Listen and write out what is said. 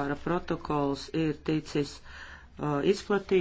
Pāra protokols ir ticis uh, izplatīts.